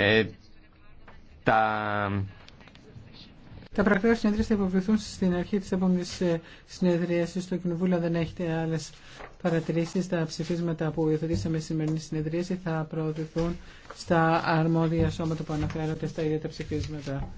Ε, τα... Τα πρακτικά συνεδρία θα υποβληθούν στην αρχή της επόμενης ε, συνεδρίασης. Στο Κοινοβούλιο δεν έχετε άλλες παρατηρήσεις. Τα ψηφίσματα που υιοθετήσαμε στη σημερινή συνεδρίαση θα προωθηθούν στα αρμόδια σώματα που αναφέρονται στα ίδια τα ψηφίσματα.